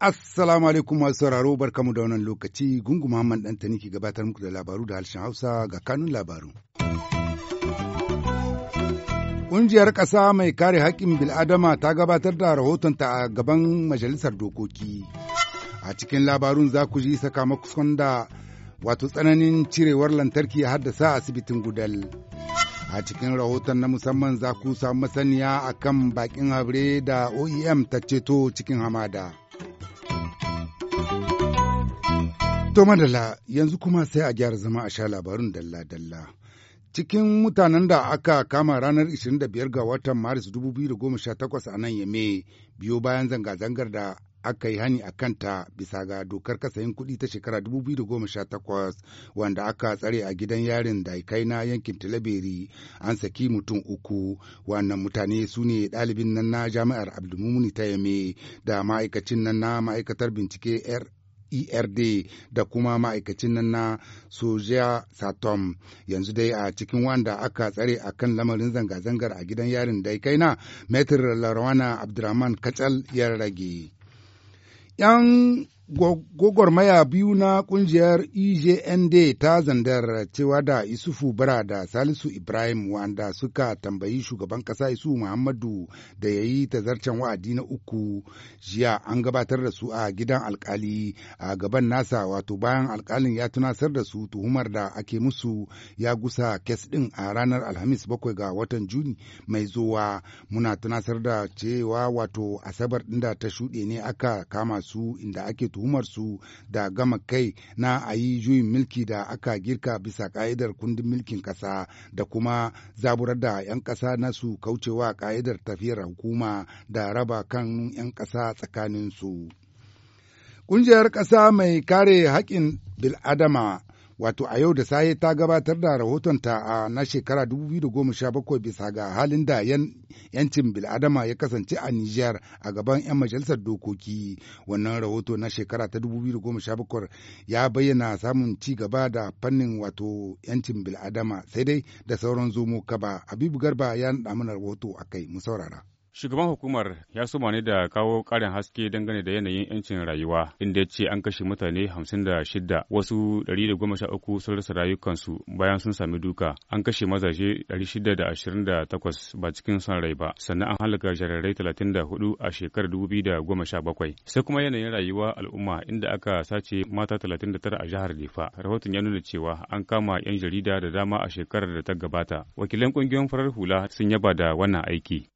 Assalamu alaikum masu sauraro barkamu da wannan lokaci gungu Muhammad Dantani ke gabatar muku da labaru da harshen Hausa ga kanun labaru. Ƙungiyar ƙasa mai kare haƙƙin bil'adama ta gabatar da rahotonta a gaban Majalisar Dokoki. A cikin labarun za ku ji sakamakon da wato tsananin cirewar lantarki ya haddasa asibitin gudal. A cikin rahoton na musamman za ku samu masaniya a kan bakin habre da OEM ta ceto cikin hamada. To madala yanzu kuma sai a gyara zama a sha labarun dalla-dalla. cikin mutanen da aka kama ranar 25 ga watan maris 2018 a nan yame biyo bayan zanga-zangar da aka yi hani a kanta bisa ga dokar kasayin kuɗi ta shekara 2018 wanda aka tsare a gidan yarin da kai na yankin talabiri an saki mutum uku wannan mutane su ne ɗalibin nan na jami'ar abdulmumuni ta yame da ma'aikacin nan na ma'aikatar bincike erd da kuma ma'aikacin nan na sojiya satom yanzu dai a cikin wanda aka tsare a kan lamarin zanga-zangar a gidan yarin da na metir larawana abdurrahman kacal ya rage. 将。gwagwarmaya biyu na kungiyar EJND ta zandar cewa da Isufu Bara da Salisu Ibrahim wanda suka tambayi shugaban ƙasa Isu Muhammadu da ya yi tazarcen wa'adi na uku jiya an gabatar da su a gidan alkali a gaban nasa wato bayan alkalin ya tunasar da su tuhumar da ake musu ya gusa kes ɗin a ranar Alhamis bakwai ga watan Juni mai zuwa muna tunasar da cewa wato Asabar ɗin da ta shuɗe ne aka kama su inda ake tuhumarsu da gama kai na a yi juyin milki da aka girka bisa ka'idar kundin milkin ƙasa da kuma zaburar da 'yan ƙasa na su kaucewa ka'idar tafiyar hukuma da raba kan 'yan ƙasa tsakaninsu. Ƙungiyar ƙasa mai kare haƙƙin bil'adama wato a yau da saye ta gabatar da rahotonta a na shekara 2017 bisa ga halin da yancin bil'adama ya kasance a Nijar a gaban 'yan majalisar dokoki. Wannan rahoto na shekara ta 2017 ya bayyana samun ci gaba da fannin wato yancin bil'adama sai dai da sauran zomo kaba. Habibu Garba ya mana rahoto a kai mu saurara. Shugaban hukumar ya suma ne da kawo ƙarin haske dangane da yanayin 'yancin rayuwa, inda ya ce an kashe mutane 56 wasu 113 sun rasa rayukansu bayan sun sami duka. An kashe mazaje 628 ba cikin son rai ba, sannan an halaka jarirai 34 a shekarar 2017. Sai kuma yanayin rayuwa al'umma inda aka sace mata 39 a jihar Difa. Rahoton ya nuna cewa an kama 'yan jarida da dama a shekarar da ta gabata. Wakilan ƙungiyoyin farar hula sun yaba da wannan aiki.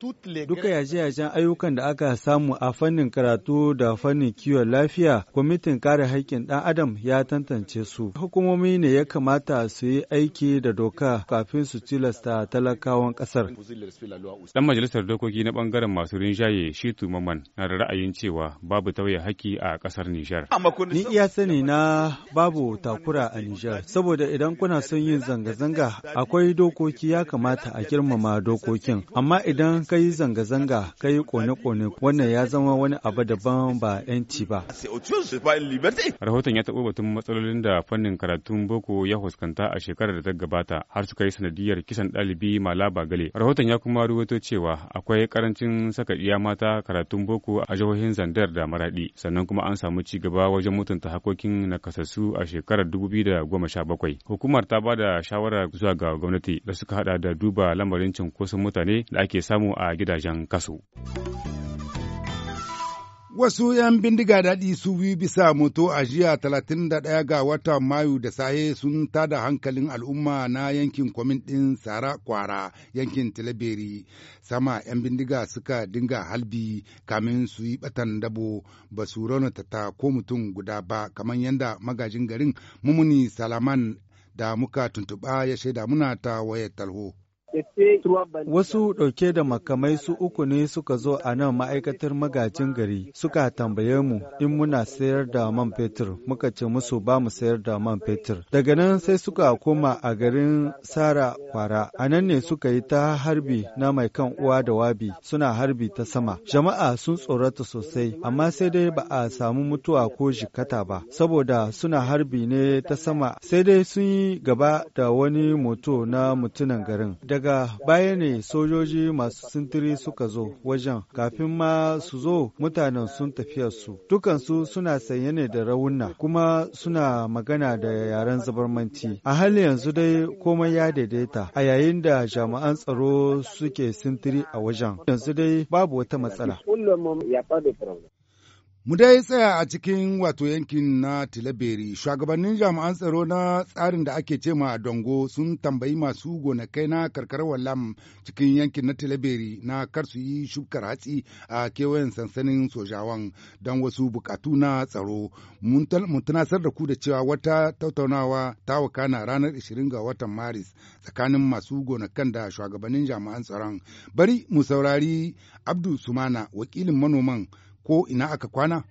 Duka yaje-yajen ayyukan da aka samu a fannin karatu da fannin kiwon lafiya, kwamitin kare haƙƙin ɗan adam ya tantance su. Hukumomi ne ya kamata su yi aiki da doka kafin su tilasta talakawan ƙasar. dan majalisar dokoki na bangaren masu rinjaye Shitu Maman na da ra'ayin cewa babu tauye haƙƙi a ƙasar Nijar. Ni iya sani na babu takura a Nijar, saboda idan kuna son yin zanga-zanga akwai dokoki ya kamata a girmama dokokin, amma idan ka yi zanga-zanga zanga-zanga kai kone-kone wannan ya zama wani abu daban ba 'yanci ba. Rahoton ya taɓo batun matsalolin da fannin karatun boko ya fuskanta a shekarar da ta gabata har suka yi sanadiyar kisan ɗalibi Malaba Gale. Rahoton ya kuma ruwato cewa akwai karancin saka iya mata karatun boko a jihohin Zandar da maraɗi sannan kuma an samu ci gaba wajen mutunta hakokin nakasassu a shekarar dubu da bakwai. Hukumar ta ba da shawara zuwa ga gwamnati da suka hada da duba lamarin cunkoson mutane da ake samu a gidajen Wasu ‘yan bindiga daɗi su biyu bisa moto a jiya ɗaya ga watan Mayu da saye sun tada hankalin al'umma na yankin kwamin ɗin Sara Kwara yankin Tilaberi. Sama ‘yan bindiga suka dinga halbi kamin su yi ɓatan dabo ba su raunata ta ko mutum guda ba kamar yadda magajin garin Mumuni Salaman da muka tuntuɓa ya shaida muna ta wayar talho. Wasu ɗauke da makamai su uku ne suka zo a nan ma'aikatar magajin gari suka tambaye mu in muna sayar da man fetur muka ce musu ba mu sayar da man fetur. Daga nan sai suka koma a garin Sara Kwara a nan ne suka yi ta harbi na mai kan uwa da wabi suna harbi ta sama. Jama'a sun tsorata sosai amma sai dai ba a samu mutuwa ko jikata ba saboda suna harbi ne ta sama sai dai sun yi gaba da wani moto na mutunan garin. Daga baya ne sojoji masu sintiri suka zo wajen kafin ma su zo mutanen sun tafiyarsu. Dukansu suna sanye ne da raunna kuma suna magana da yaren zabarmanci. A halin yanzu dai komai ya daidaita a yayin da jami'an tsaro suke sintiri a wajen. Yanzu dai babu wata matsala. Mu dai tsaya a cikin wato yankin na Tilaberi, shugabannin jami'an tsaro na tsarin da ake cema a Dongo sun tambayi masu gonakai na karkarwar Wallam cikin yankin na Tilaberi na kar su yi shukar hatsi a kewayen sansanin sojawan don wasu bukatu na tsaro. Mun da ku da cewa wata tattaunawa ta wakana ranar 20 ga watan Maris tsakanin masu gonakan da shugabannin jami'an tsaron. Bari mu saurari Abdu Sumana, wakilin manoman ko ina aka kwana?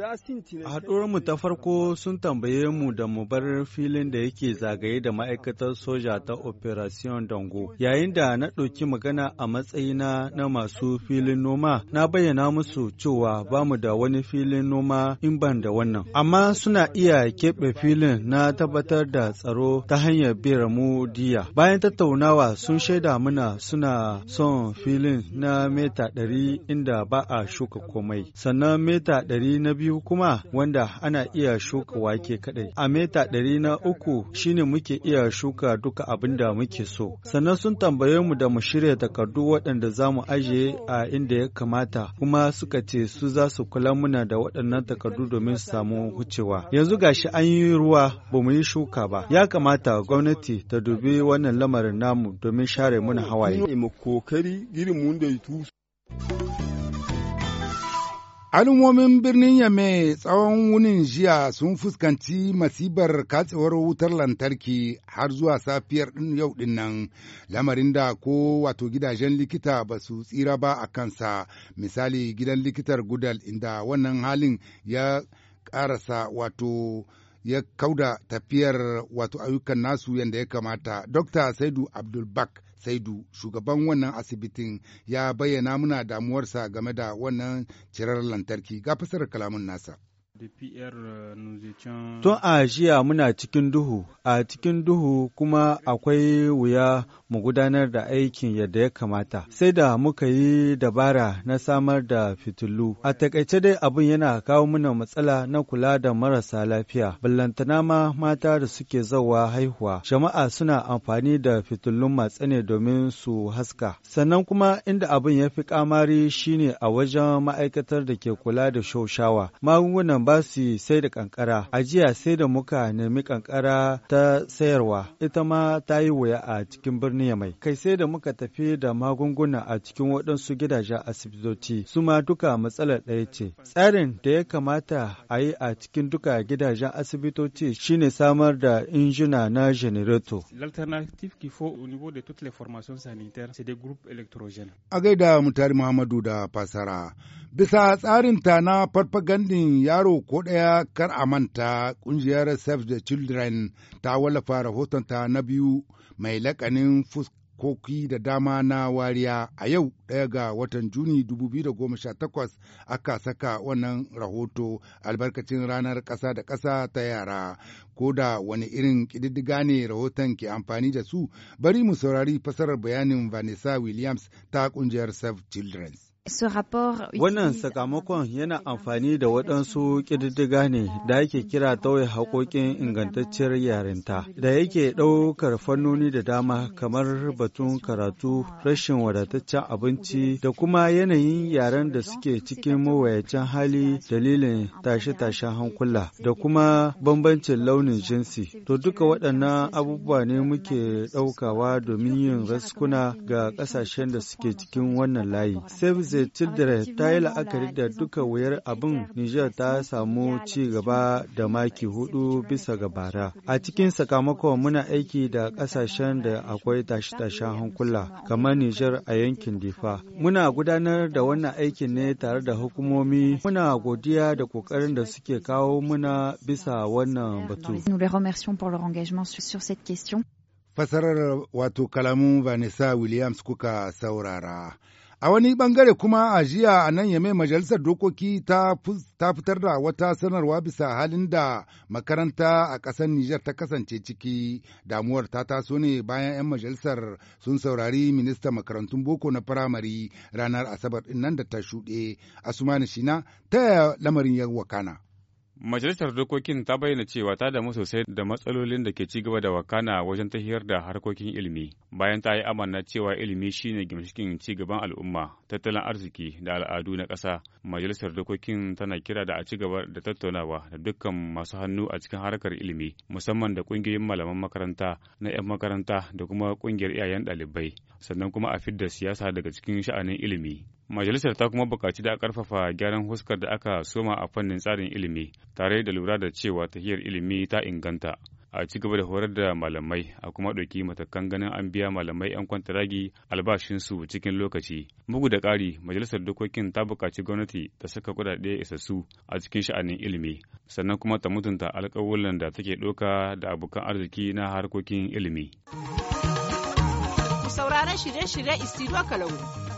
A haɗuwarmu ta farko sun tambaye mu da mu bar filin da yake zagaye da ma'aikatar soja ta Operation Dango. Yayin da na ɗauki magana a matsayina na masu filin noma, na bayyana musu cewa ba mu da wani filin noma in ban da wannan. Amma suna iya keɓe filin na tabbatar da tsaro ta hanyar biyar mu diya. Bayan tattaunawa sun shaida mana suna son filin na meta ɗari inda ba a shuka komai. Sannan meta ɗari na biyu biyu kuma wanda ana iya shuka wake kadai, A meta ɗari na uku shine muke iya shuka duka abin da muke so. Sannan sun tambaye mu da mu shirya takardu waɗanda za mu ajiye a inda ya kamata kuma suka ce su za su kula muna da waɗannan takardu domin su samu hucewa. Yanzu gashi an yi ruwa ba mu yi shuka ba. Ya kamata gwamnati ta dubi wannan lamarin namu domin share muna hawaye. Al'ummomin birnin Yame tsawon wunin jiya sun fuskanci masibar katsewar wutar lantarki har zuwa safiyar yau ɗin nan, lamarin da ko wato gidajen likita ba su tsira ba a kansa, misali gidan likitar Gudal inda wannan halin ya ƙarasa wato ya kauda tafiyar wato ayyukan nasu yadda ya kamata. Dokta Saidu Abdulbak Saidu shugaban wannan asibitin ya bayyana muna damuwarsa game da wannan cirar lantarki ga fasarar kalamun nasa. Euh, Tun a jiya muna cikin duhu, a cikin duhu kuma akwai wuya mu gudanar da aikin yadda ya kamata. Sai da muka yi dabara na samar da fitilu. A takaice dai abin yana kawo mana matsala na kula da marasa lafiya. Ballantana ma mata da suke zawa haihuwa. Jama'a suna amfani da fitilun ne domin su haska. Sannan kuma inda abin ya fi kamari shine a wajen ma'aikatar da ke kula da shaushawa. Magungunan ba su sai da kankara. A jiya sai da muka nemi kankara ta sayarwa, ita ma ta yi wuya a cikin birnin mai. Kai sai da muka tafi da magunguna a cikin waɗansu gidajen asibitoci, su ma duka matsalar ɗaya ce. Tsarin da ya kamata a yi a cikin duka gidajen asibitoci shine samar da injina na generator. L'alternative qu'il faut au niveau de toutes les formations A gaida Mutari Muhammadu da fasara. Bisa tsarinta na farfagandin yaro ko ɗaya kar a manta ƙungiyar Save the Children ta wallafa rahotonta na biyu mai laƙanin fuskoki da dama na wariya a yau ɗaya ga watan Juni 2018 aka saka wannan rahoto albarkacin ranar ƙasa da ƙasa ta yara. Ko da wani irin ƙididdiga ne rahoton ke amfani da su bari mu saurari fasarar bayanin Vanessa Williams ta ƙungiyar Save Children's. Wannan sakamakon yana amfani da waɗansu ƙididdiga ne da ake kira tauye haƙoƙin ingantacciyar yarinta da yake ɗaukar fannoni da dama kamar batun karatu, rashin wadataccen abinci da kuma yanayin yaren da suke cikin mawayacin hali dalilin tashe-tashen hankula da kuma bambancin launin jinsi. To duka waɗannan abubuwa ne muke ɗaukawa domin yin raskuna ga ƙasashen da suke cikin wannan layi. Elise tildare ta yi la'akari da duka wuyar abin Nijar ta samu ci gaba da maki hudu bisa ga bara. A cikin sakamakon muna aiki da ƙasashen da akwai tashe-tashen hankula kamar Nijar a yankin Difa. Muna gudanar da wannan aikin ne tare da hukumomi. Muna godiya da kokarin da suke kawo muna bisa wannan batu. Fasarar wato kalamun Vanessa Williams kuka saurara. A wani bangare kuma a jiya a nan yame majalisar dokoki ta fitar da wata sanarwa bisa halin da makaranta a ƙasar Nijar ta kasance ciki damuwar ta taso ne bayan 'yan majalisar sun saurari ministan makarantun boko na firamare ranar asabar nan da ta shuɗe a sumani Shina ta lamarin ya wakana. Majalisar Dokokin ta bayyana cewa ta damu sosai da matsalolin da ke ci gaba da wakana wajen tahiyar da harkokin ilimi, bayan ta yi amana cewa ilimi shine gimshikin ci gaban al'umma, tattalin arziki da al'adu na ƙasa. Majalisar Dokokin tana kira da a ci gaba da tattaunawa da dukkan masu hannu a cikin harkar ilimi, musamman da ƙungiyoyin malaman makaranta, na 'yan makaranta da kuma ƙungiyar iyayen ɗalibai, sannan kuma a fidda siyasa daga cikin sha'anin ilimi. Majalisar ta kuma bukaci da karfafa gyaran huskar da aka soma a fannin tsarin ilimi tare da lura da cewa tahiyar ilimi ta inganta. A ci gaba da horar da malamai a kuma ɗauki matakan ganin an biya malamai 'yan kwantaragi albashinsu cikin lokaci. Bugu da ƙari, Majalisar Dokokin ta buƙaci gwamnati ta saka kuɗaɗe isassu a cikin sha'anin ilimi, sannan kuma ta mutunta alƙawuran da take ɗauka da abokan arziki na harkokin ilimi. Sauraron shirye-shirye Istiro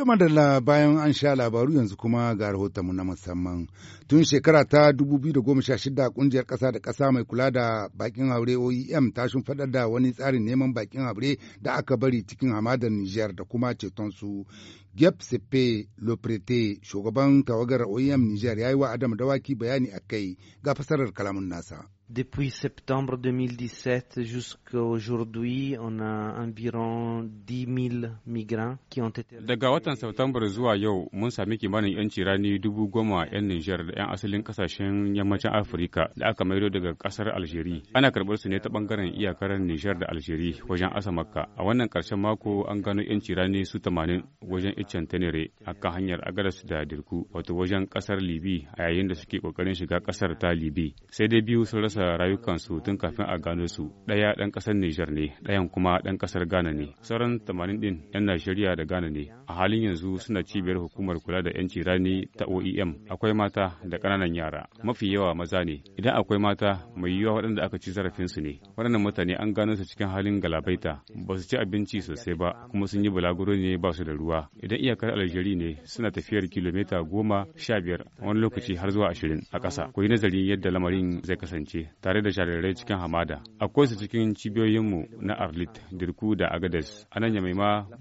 da madalla bayan an sha labaru yanzu kuma ga rahotonmu na musamman. Tun shekara ta 2016 kungiyar ƙasa da ƙasa mai kula da bakin haure OEM ta shimfiɗar da wani tsarin neman bakin haure da aka bari cikin hamadar Nijar da kuma su Gep Sepe Loprete, shugaban tawagar OEM Nijar ya yi wa Adam Dawaki bayani a kai ga fasarar kalamun nasa. Depuis septembre 2017 jusqu'à aujourd'hui, on a environ 10 000 migrants qui ont été... Daga watan septembre zuwa yau mun sami kimanin 'yanci rani dubu goma 'yan Nijar da 'yan asalin kasashen yammacin Afirka da aka maido daga kasar Algeria. Ana karɓar su ne ta ɓangaren iyakar Nijar da Algeria wajen Asamakka. A wannan ƙarshen mako an gano 'yanci rani su 80 wajen Iccen Tenere a kan hanyar Agadas da Dirku wato wajen ƙasar Libi a yayin da suke ƙoƙarin shiga ƙasar ta Libi. Sai dai biyu sun rasa rasa rayukansu tun kafin a gano su ɗaya ɗan ƙasar Nijar ne ɗayan kuma ɗan ƙasar Ghana ne sauran tamanin ɗin 'yan Najeriya da Ghana ne a halin yanzu suna cibiyar hukumar kula da 'yanci rani ta OEM akwai mata da ƙananan yara mafi yawa maza ne idan akwai mata mai yiwuwa waɗanda aka ci zarafinsu ne waɗannan mutane an gano su cikin halin galabaita ba su ci abinci sosai ba kuma sun yi bulaguro ne ba su da ruwa idan iyakar Aljeri ne suna tafiyar kilomita goma sha biyar wani lokaci har zuwa ashirin a ƙasa ku yi nazarin yadda lamarin zai kasance tare da shararrai cikin hamada. Akwai su cikin cibiyoyinmu na Arlit, Dirku da Agades. A nan yamai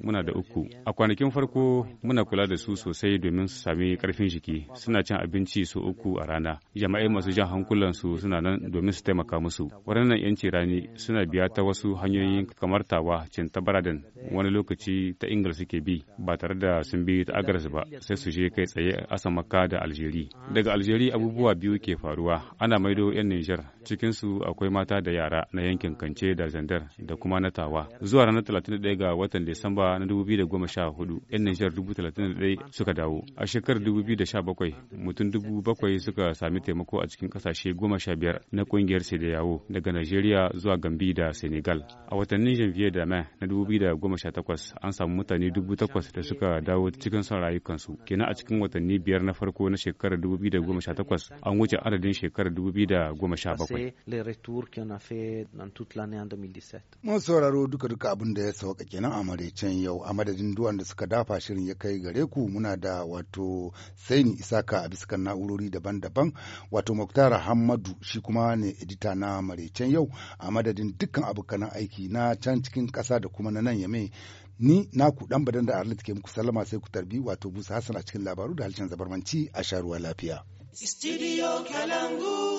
muna da uku. A kwanakin farko muna kula da su sosai domin su sami karfin jiki. Suna cin abinci su uku a rana. Jama'ai masu jan hankulansu suna nan domin su taimaka musu. Waɗannan 'yanci rani suna biya ta wasu hanyoyin kamar tawa, tabaradin wani lokaci ta Ingila suke bi ba tare da sun bi ta Agadas ba sai su je kai tsaye asamaka da Aljeri. Daga Aljeri abubuwa biyu ke faruwa ana maido 'yan Nijar cikinsu akwai mata da yara na yankin Kance da Zandar da kuma na Tawa. Zuwa ranar 31 ga watan Disamba na 2014, 'yan Nijar 31 suka dawo. A shekarar 2017, mutum 7,000 suka sami taimako a cikin kasashe 15 na kungiyar yawo daga nigeria zuwa Gambi da Senegal. A watannin Janvier da Mai na 2018, an samu mutane 8,000 da suka dawo cikin son rayukansu. Kenan a cikin watanni biyar na farko na shekarar 2018 an wuce adadin shekarar 2017. le retour ki on a fait dans toute l'année en 2017. Mun sauraro duka-duka abin da ya sauka kenan a maraicen yau a madadin duwan da suka dafa shirin ya kai gare ku muna da wato saini isaka a biskan na'urori daban-daban wato Muktar Hamadu shi kuma ne edita na maraicen yau a madadin dukkan abokan aiki na can cikin kasa da kuma na nan yame ni naku dan badan da Arlit ke muku sallama sai ku tarbi wato Musa Hassan a cikin labaru da halcin zabarmanci a sharuwa lafiya. Studio Kalangu.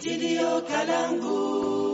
Studio Kalangu.